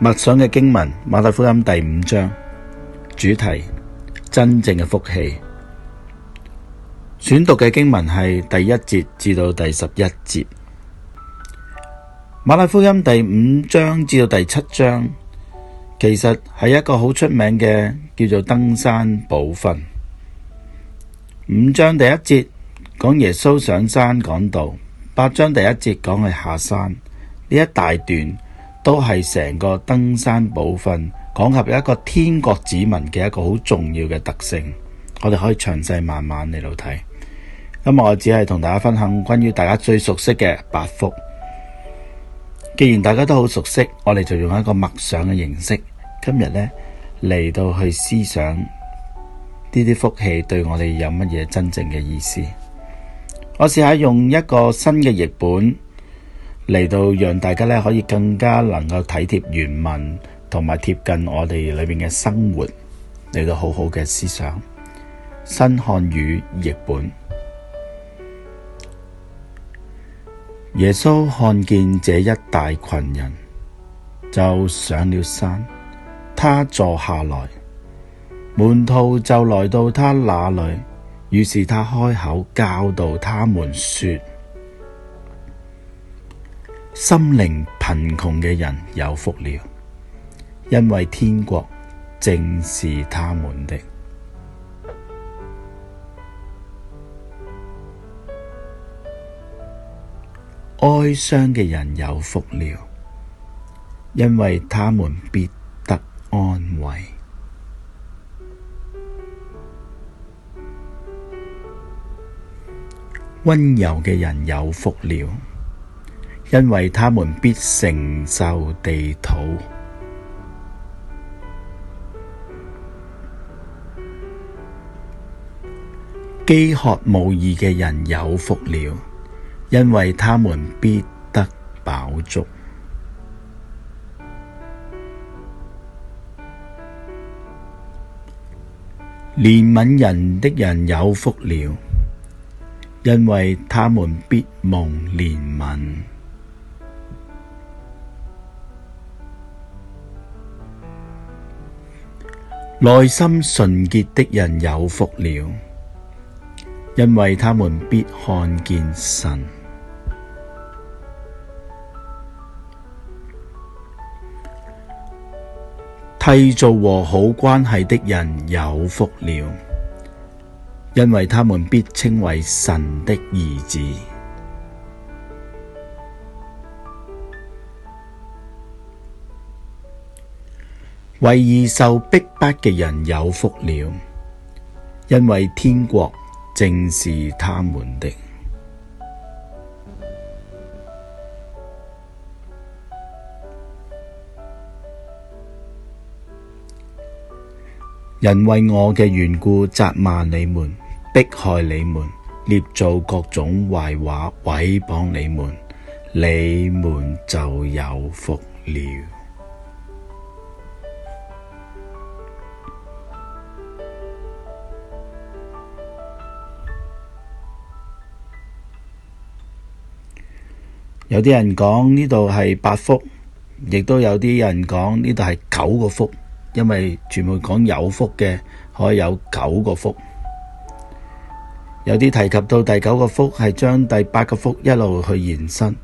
默想嘅經文《馬太福音》第五章，主題真正嘅福氣。選讀嘅經文係第一節至到第十一節，《馬太福音》第五章至到第七章，其實係一個好出名嘅叫做登山寶訓。五章第一節講耶穌上山講道，八章第一節講佢下山，呢一大段。都係成個登山寶訓，講及一個天國子民嘅一個好重要嘅特性，我哋可以詳細慢慢嚟到睇。咁我只係同大家分享關於大家最熟悉嘅八福。既然大家都好熟悉，我哋就用一個默想嘅形式，今日呢，嚟到去思想呢啲福氣對我哋有乜嘢真正嘅意思。我試下用一個新嘅譯本。嚟到讓大家咧可以更加能夠體貼原文，同埋貼近我哋裏面嘅生活嚟到好好嘅思想。新漢語譯本，耶穌看見這一大群人，就上了山，他坐下來，門徒就來到他那裏，於是他開口教導他們說。心靈貧窮嘅人有福了，因為天國正是他們的。哀傷嘅人有福了，因為他們必得安慰。溫柔嘅人有福了。因為他們必承受地土。飢渴慕義嘅人有福了，因為他們必得飽足；憐憫人的人有福了，因為他們必蒙憐憫。內心純潔的人有福了，因為他們必看見神。締造和好關係的人有福了，因為他們必稱為神的兒子。為義受逼迫嘅人有福了，因為天國正是他們的。人為我嘅緣故責罵你們、迫害你們、捏造各種壞話、毀謗你們，你們就有福了。有啲人講呢度係八福，亦都有啲人講呢度係九個福，因為全部講有福嘅，可以有九個福。有啲提及到第九個福係將第八個福一路去延伸。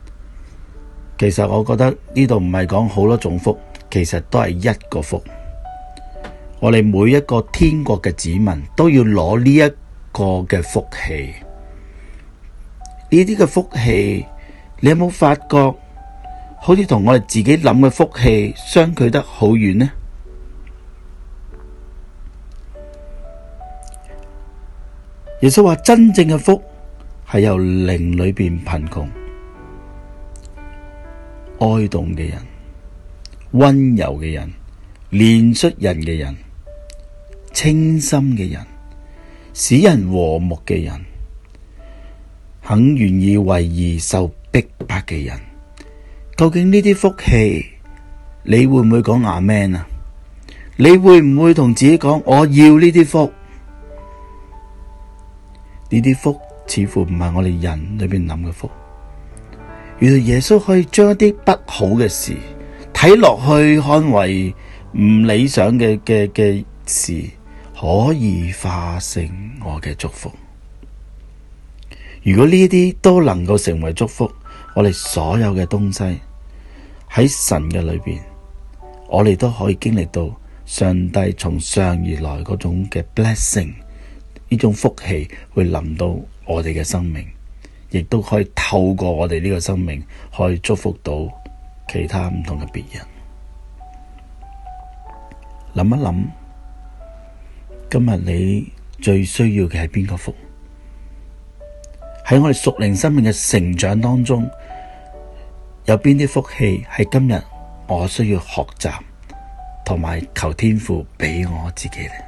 其實我覺得呢度唔係講好多種福，其實都係一個福。我哋每一個天國嘅子民都要攞呢一個嘅福氣，呢啲嘅福氣。你有冇發覺好似同我哋自己諗嘅福氣相距得好遠呢？耶穌話：真正嘅福係由靈裏邊貧窮、哀慟嘅人、溫柔嘅人、憐恤人嘅人、清心嘅人、使人和睦嘅人，肯願意為義受逼迫嘅人，究竟呢啲福氣，你會唔會講阿們啊？你會唔會同自己講，我要呢啲福？呢啲福似乎唔係我哋人裏邊諗嘅福。原來耶穌可以將一啲不好嘅事睇落去看為唔理想嘅嘅嘅事，可以化成我嘅祝福。如果呢啲都能夠成為祝福。我哋所有嘅東西喺神嘅裏邊，我哋都可以經歷到上帝從上而來嗰種嘅 blessing，呢種福氣會臨到我哋嘅生命，亦都可以透過我哋呢個生命，可以祝福到其他唔同嘅別人。諗一諗，今日你最需要嘅係邊個福？喺我哋屬靈生命嘅成長當中，有邊啲福氣係今日我需要學習同埋求天父畀我自己咧？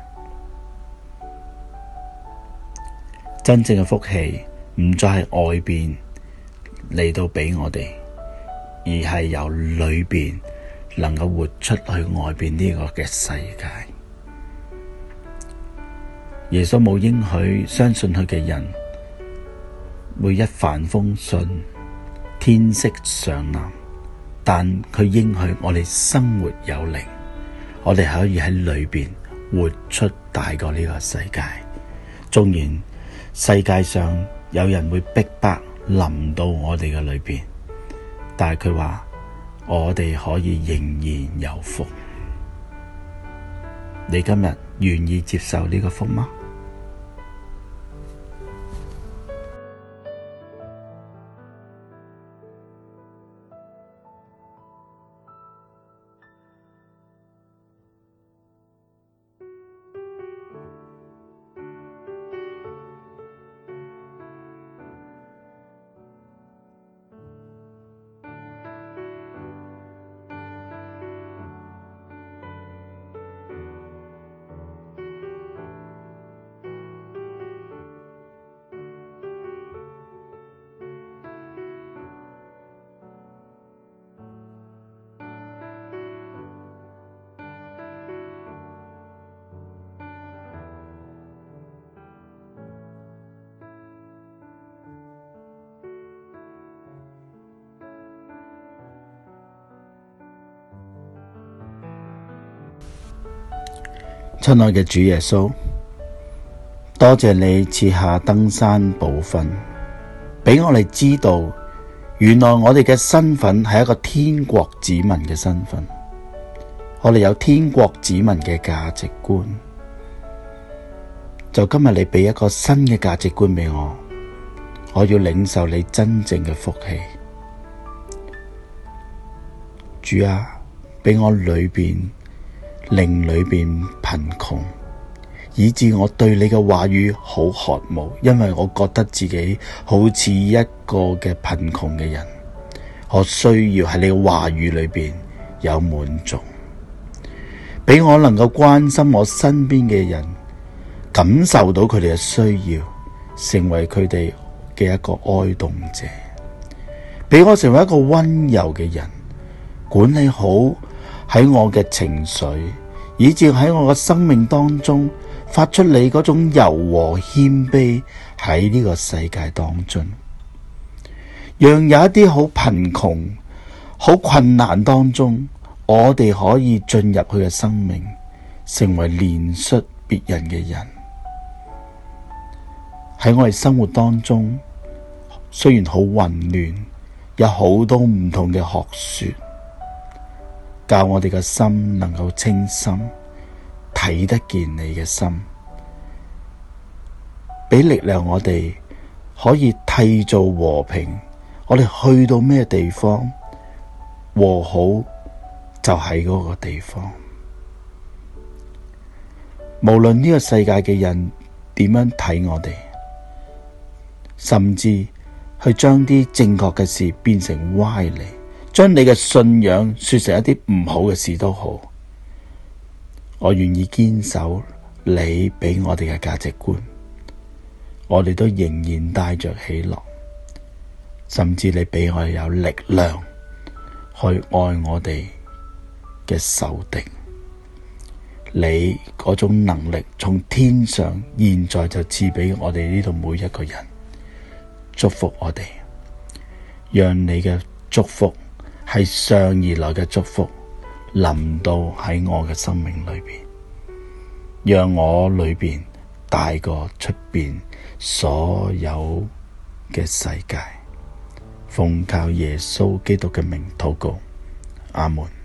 真正嘅福氣唔再係外邊嚟到畀我哋，而係由裏邊能夠活出去外邊呢個嘅世界。耶穌冇應許相信佢嘅人。每一帆風順，天色尚藍，但佢應許我哋生活有靈，我哋可以喺裏邊活出大過呢個世界。縱然世界上有人會逼迫臨到我哋嘅裏邊，但係佢話我哋可以仍然有福。你今日願意接受呢個福嗎？親愛嘅主耶穌，多謝你設下登山寶訓，俾我哋知道，原來我哋嘅身份係一個天國子民嘅身份，我哋有天國子民嘅價值觀。就今日你俾一個新嘅價值觀俾我，我要領受你真正嘅福氣。主啊，俾我裏邊。令裏邊貧窮，以致我對你嘅話語好渴慕，因為我覺得自己好似一個嘅貧窮嘅人，我需要喺你嘅話語裏邊有滿足，俾我能夠關心我身邊嘅人，感受到佢哋嘅需要，成為佢哋嘅一個哀慟者，俾我成為一個溫柔嘅人，管理好喺我嘅情緒。以至喺我嘅生命當中，發出你嗰種柔和謙卑，喺呢個世界當中，讓有一啲好貧窮、好困難當中，我哋可以進入佢嘅生命，成為憐恤別人嘅人。喺我哋生活當中，雖然好混亂，有好多唔同嘅學說。教我哋嘅心能夠清心，睇得見你嘅心，畀力量我哋可以締造和平。我哋去到咩地方和好，就喺嗰個地方。無論呢個世界嘅人點樣睇我哋，甚至去將啲正確嘅事變成歪理。將你嘅信仰說成一啲唔好嘅事都好，我願意堅守你俾我哋嘅價值觀。我哋都仍然帶着喜樂，甚至你俾我哋有力量去愛我哋嘅仇敵。你嗰種能力從天上現在就賜俾我哋呢度每一個人，祝福我哋，讓你嘅祝福，係上而來嘅祝福，臨到喺我嘅生命裏面，讓我裏面大過出面所有嘅世界。奉靠耶穌基督嘅名禱告，阿門。